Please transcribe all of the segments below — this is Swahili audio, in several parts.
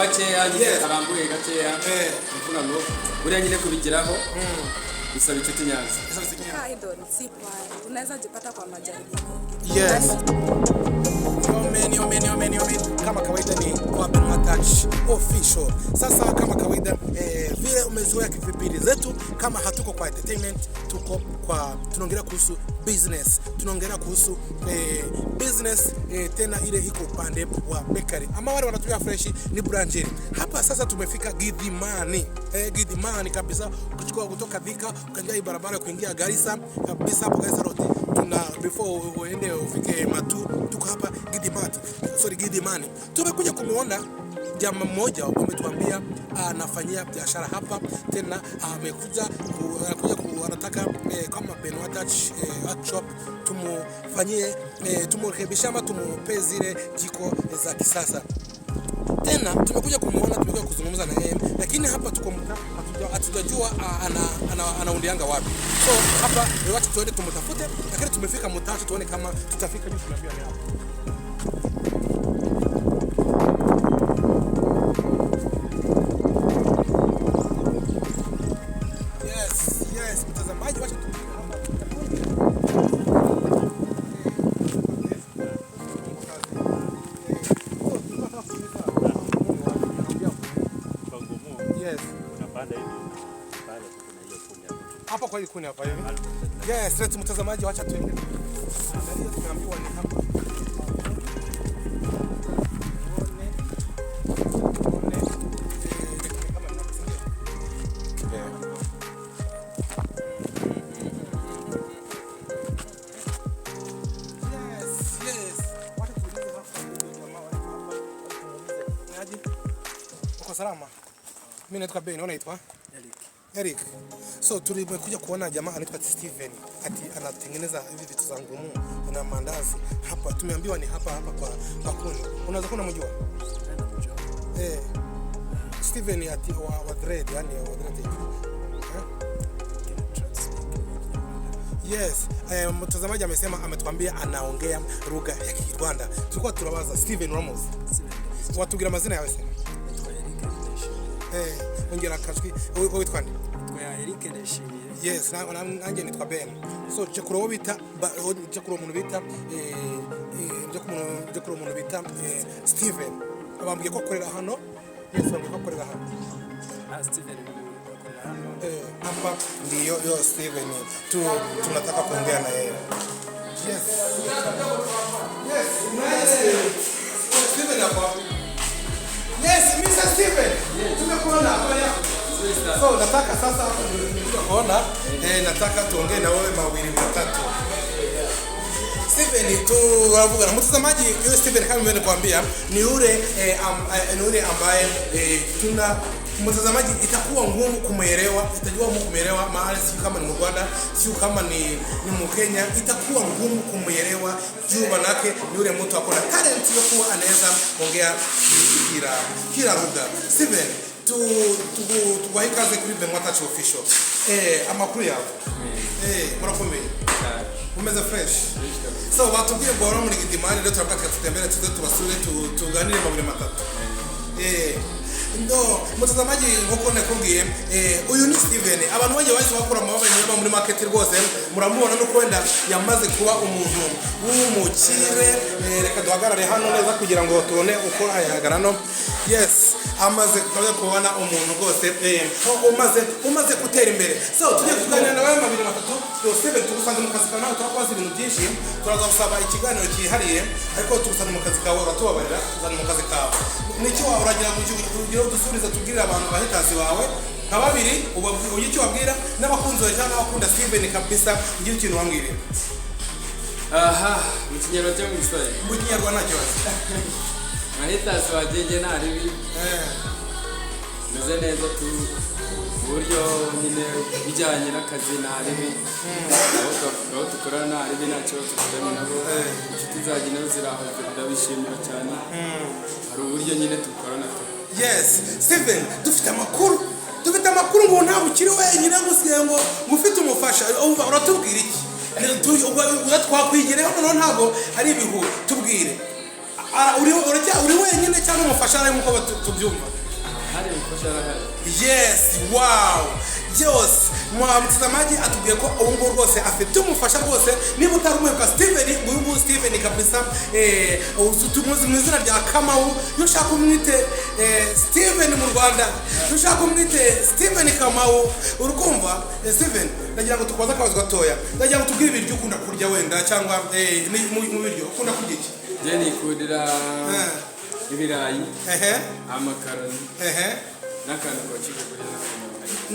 bakeya nyine arambuye gakeya imvura ngo buriya nyine kubigeraho Unaweza jipata kwa majaribu. Yes. Kama kawaida ni official. Sasa kama kawaida eh, vile umezoea kipindi zetu, kama hatuko kwa entertainment, tuko kwa tunaongelea kuhusu business, tunaongelea kuhusu eh, business eh, tena ile iko upande wa bakery ama wale wanatumia fresh ni branchini hapa. Sasa tumefika Gidimani eh, Gidimani kabisa kuchukua kutoka Thika ukaingia hii barabara kuingia Garissa kabisa hapo Garissa road, tuna before uende ufike Matu, tuko hapa Gidimat, sorry Gidimani, Tumekuja kumuona jamaa mmoja wametuambia ah, anafanyia biashara hapa tena, ah, amekuja anakuja anataka eh, kama Benoit Dutch eh, workshop tumufanyie eh, tumurekebisha ama tumupe zile jiko za kisasa tena tumekuja kumwona, tumekuja kuzungumza na yeye, lakini hapa tuko hatujajua anaundianga ana, ana wapi. So hapa ni watu tuende tumtafute, lakini tumefika mtatu, tuone kama tutafika juu tunaambiwa hapa. kweli kuni hapa hivi. Yes, straight mtazamaji, wacha tuende. Angalia tunaambiwa ni hapa. Uko salama? Mimi naitwa Ben, unaitwa? Eric. Eric. So tulimekuja kuona jamaa anaitwa Steven ati anatengeneza hivi vitu za ngumu na mandazi hapa, tumeambiwa ni hapa hapa kwa Pakoni. Unaweza kuwa mjua eh? Steven ati wa, wa dread yani wa dread eh? Yes, mtazamaji amesema ametuambia anaongea lugha ya Kinyarwanda. Tulikuwa tunawaza Steven Ramos. Watu Watugira mazina yawesema Eh, ongera akajwi wowe witwa nde twa Eric Ndashimiye yes nanjye nitwa Ben so je kurowo bita je kurowo umuntu bita eh, eh, je kurowo umuntu bita Steven abambwiye ko akorera hano yes abambwiye ko akorera hano ah, Steven ndiyo yo Steven tu tunataka kuongea na yeye yes yes Steven hapa Sister nataka sasa hapo ndio eh, nataka tuongee na wewe mawili matatu. Stephen tu wavuga na mtazamaji, yule Stephen kama nimekuambia ni yule eh, am, eh, ni yule ambaye eh, tuna mtazamaji itakuwa ngumu kumuelewa, itajua ngumu kumuelewa mahali, sio kama ni Mrwanda, sio kama ni ni Mkenya, itakuwa ngumu kumuelewa juu manake ni yule mtu ako na talent ya kuwa anaweza kuongea kila kila lugha. Steven, tu tu tuwahi kazi kuri Bemwata cha official eh, ama kuya eh, kwa mimi umeza fresh so watu pia bora muri leo tunataka tutembele, tuzetu tuze tubasure, tuganire mabure matatu eh mutazamagi nk'uko nakubwiye eh, uyu ni Steven abantu bagiye bahise bakura amababa inyuma muri market rwose muramubona nuko wenda yamaze kuba umuntu w'umukire eh, reka duhagarare hano neza kugira ngo tubone uko ayahagara no yes amaze tumaze kubona umuntu rwose eh, umaze umaze gutera imbere so tujye tuganira na bamwe babiri batatu yose bari tugusanga mu kazi kawe nawe twakoze ibintu byinshi turaza gusaba ikiganiro cyihariye ariko tugusanga mu kazi kawe uratubabarira tuzana mu kazi kawe n'icyo waba uragira mu gihugu urugero dusubiza tubwirira abantu bahitazi bawe nka babiri ubabwira icyo wabwira n'abakunzi bawe cyangwa abakunda Steven kabisa ugire ikintu wamwirira aha mu kinyarwanda cyangwa mu mu kinyarwanda nta kibazo nka wagenge nta ribi meze neza tu ku buryo nyine bijyanye n'akazi nta ribi aho dukorana nta ribi nta kibazo tujyanye nabo inshuti zanjye nabo ziraho ndabishimira cyane hari uburyo nyine dukorana Yes yesi dufite amakuru dufite amakuru ngo ntabwo ukiri wenyine gusigaye ngo ufite umufasha uratubwira iki twakwigireho noneho ntabwo hari ibihuru tubwire Ah, uri wenyine cyangwa umufasha nk'uko tubyumva yesi wawu byose mwabutse amagi atubwiye ko ubu ngubu rwose afite umufasha rwose niba utari umwihariko sitiveni uyu nguyu sitiveni kabisa eh, tumuzi mu izina rya kamawu iyo ushaka umwite eh, sitiveni mu rwanda iyo ushaka umwite sitiveni kamawu uri kumva eh, sitiveni ndagira ngo tukubaze akabazo gatoya ndagira ngo tubwire ibiryo ukunda kurya wenda cyangwa mu biryo ukunda kurya iki je nikundira ibirayi amakaroni n'akantu gacika kugira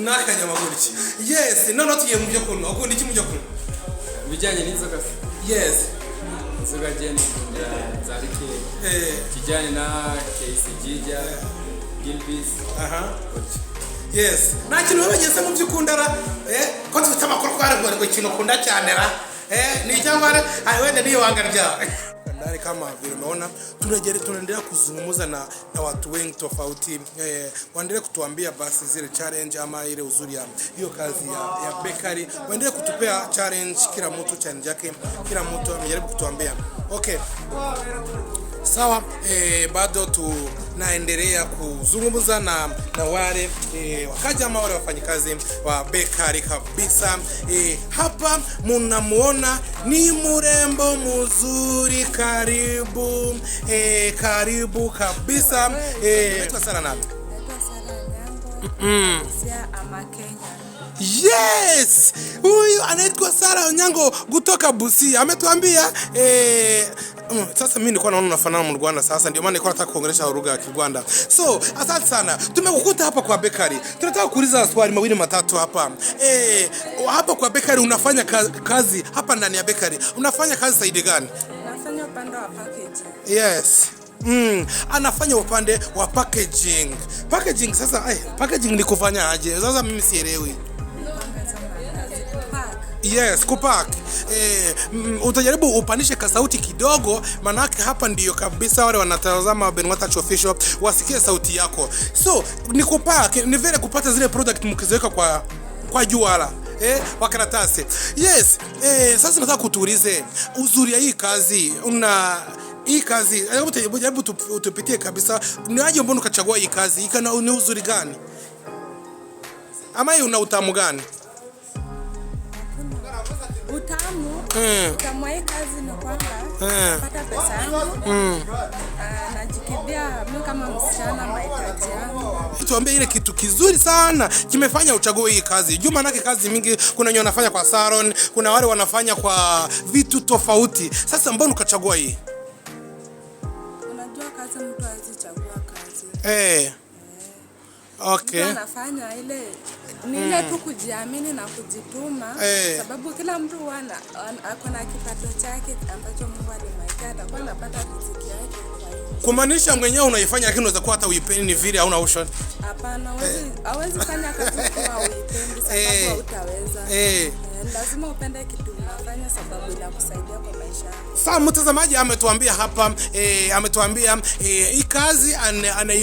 n'akanyamaguriki yes none tugiye mu byo kunywa ukunda iki mu byo kunywa ibijyanye n'inzoga yes inzoga je nikunda za rikeri eh. kijyanye na KCG jya Gilbis aha yes nta kintu bageze mu byo ukunda ra eh, ko dufite amakuru twaraguwe ngo ikintu ukunda cyane ra eh, ni icyangwa wenda n'iyo wanga serikali kama vile umeona, tunaendelea kuzungumza na, na watu wengi tofauti eh, waendelee kutuambia basi zile challenge ama ile uzuri ya hiyo kazi ya, ya bakery. Waendelee kutupea challenge, kila mtu challenge yake, kila mtu amejaribu kutuambia okay sawa. E, bado tunaendelea kuzungumza na, na wale e, eh, wakaja wale wafanyikazi wa bekari kabisa. E, hapa munamuona ni murembo mzuri, karibu e, karibu kabisa e, sana nami. Mm -mm. Yes, huyu anaitwa Sara Onyango kutoka Busia ametuambia eh, Mm, sasa mimi nilikuwa naona unafanana na Mrwanda sasa ndio maana nilikuwa nataka kuongelesha lugha ya Kigwanda. So, asante sana. Tumekukuta hapa kwa bakery. Tunataka kuuliza maswali mawili matatu hapa. Eh, hapa kwa bakery unafanya kazi hapa ndani ya bakery. Unafanya kazi saidi gani? Unafanya upande wa packaging. Yes. Mm, anafanya upande wa packaging. Packaging sasa, ay, eh, packaging ni kufanya aje? Sasa mimi sielewi. Yes, Kupak. Eh, mm, utajaribu upanishe kasauti kidogo, manake hapa ndio kabisa wale wanatazama Benwatta Official wasikie sauti yako. So ni Kupak, ni vile kupata zile product mkiziweka kwa kwa juala Eh, kwa karatasi. Yes, eh, sasa nataka kutuulize uzuri ya hii kazi una hii kazi eh, hebu tupitie kabisa, ni aje mbona ukachagua hii kazi? Ikana ni uzuri gani ama una utamu gani? Mm. Kama hii kazi ni kwamba mm. pesa yangu mm. Ah, kama msichana mahitaji yangu. Tuambie ile kitu kizuri sana kimefanya uchague hii kazi juu, maanake kazi mingi, kuna wenye wanafanya kwa saron kuna wale wanafanya kwa vitu tofauti. Sasa mbona ukachagua hii? Unajua kazi mtu hawezi chagua kazi. Eh. Hey. Eh. Okay. Mtu anafanya ile ni ile hmm. tu kujiamini na kujituma hey. Eh. Sababu kila mtu ako na kipato chake ambacho Mungu alimwekea, atakuwa anapata riziki yake. Kumaanisha mwenyewe unaifanya, lakini unaweza kuwa hata uipendi ni vile, hauna option. Hapana, hawezi eh. fanya kazi kama uipendi, sababu eh. hautaweza eh. Lazima upende kitu unafanya sababu ya kusaidia kwa maisha. Sasa mtazamaji ametuambia hapa e, ametuambia hii e, kazi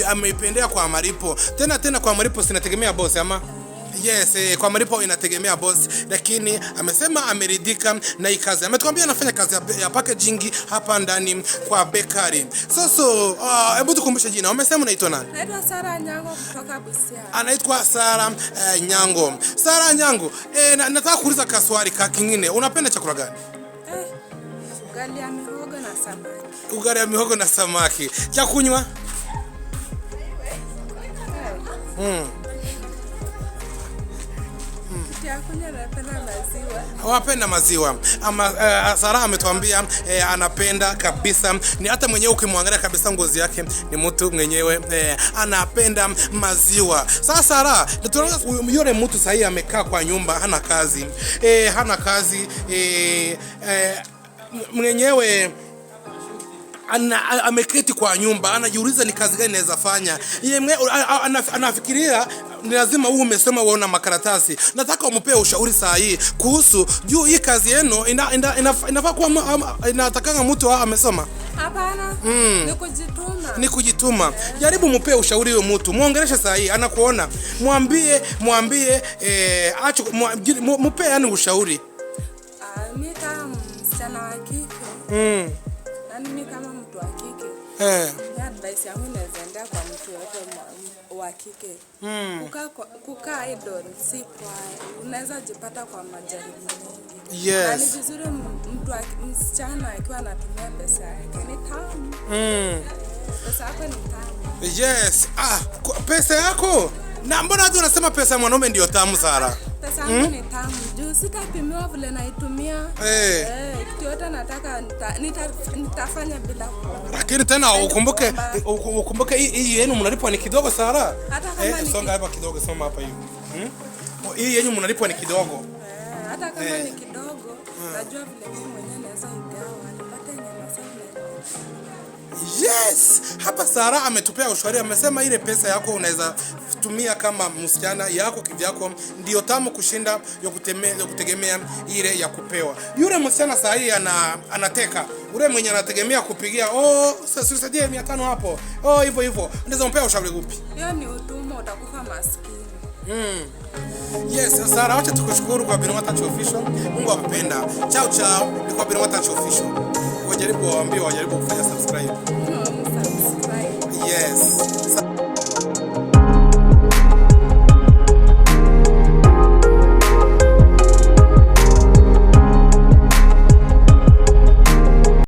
anaipendea kwa malipo tena tena, kwa malipo sinategemea bosi ama yeah. Yes, eh, kwa malipo inategemea boss, lakini amesema ameridhika na hii kazi. Ametuambia anafanya kazi ya, ya packaging hapa ndani kwa bakery. So so, ah, hebu uh, tukumbushe jina. Umesema unaitwa nani? Naitwa Sara Nyango kutoka Busia. Anaitwa Sara eh, Nyango. Sara Nyango, eh, na, nataka kuuliza kaswali ka kingine. Unapenda chakula gani? Eh, ugali ya mihogo na samaki. Ugali ya mihogo na samaki. Cha kunywa? Mm. Wapenda maziwa ama, uh, eh, Sara ametuambia eh, anapenda kabisa. Ni hata mwenyewe ukimwangalia kabisa ngozi yake ni mtu mwenyewe eh, anapenda maziwa. Sasa Sara, yule mtu sahihi amekaa kwa nyumba hana kazi eh, hana kazi eh, eh, mwenyewe ana, ameketi kwa nyumba anajiuliza ni kazi gani naweza fanya. Anafikiria ni lazima huu umesema waona makaratasi. Nataka umpee ushauri saa hii kuhusu juu hii kazi yenu ina, ina, ina, inafaa kuwa inatakanga mtu amesoma. Hapana. Mm. Ni kujituma. Ni kujituma. Jaribu mpee ushauri huyo mtu. Muongeleshe saa hii anakuona. Mwambie, mwambie eh, acho mpee yani ushauri. Uh, ah, mimi kama msichana wa kike. Mm. Yaani mimi kama mtu wa kike. Eh. Advice yangu wa kike mm. Kukaa kukaa idol si poa, unaweza jipata kwa majaribu Yes. Ni vizuri mtu msichana akiwa anatumia pesa yake ni tamu mm. Pesa yako ni tamu. Yes. Ah, pesa yako na mbona watu wanasema pesa ya mwanaume ndio tamu sana? Pesa yangu ni tamu. Juu vile naitumia. Eh. Eh, kitu yote nataka nitafanya bila kuona. Lakini tena ukumbuke ukumbuke hii yenu mnalipwa ni kidogo Sara. Hata kama eh, ni songa hapa kidogo soma hapa hivi. Hmm? Hii yenu mnalipwa ni kidogo. hata kama ni kidogo hmm. najua vile mimi mwenyewe naweza Yes, hapa Sara ametupea ushauri, amesema ile pesa yako unaweza tumia kama msichana yako kivyako, ndio tamu kushinda ya kutegemea ile ya kupewa. Yule msichana saa hii ana, anateka ule mwenye anategemea kupigia oh, usajie mia tano hapo oh, hivyo hivyo. Unaweza mpea ushauri upi? ni yaani utumwa utakufa maskini. Mm. Yes, Sara, wacha tukushukuru kwa Binwata Official. Mungu akupenda. Chao chao, ni kwa Binwata Official wajaribu waambie wajaribu kufanya subscribe. Oh, yes.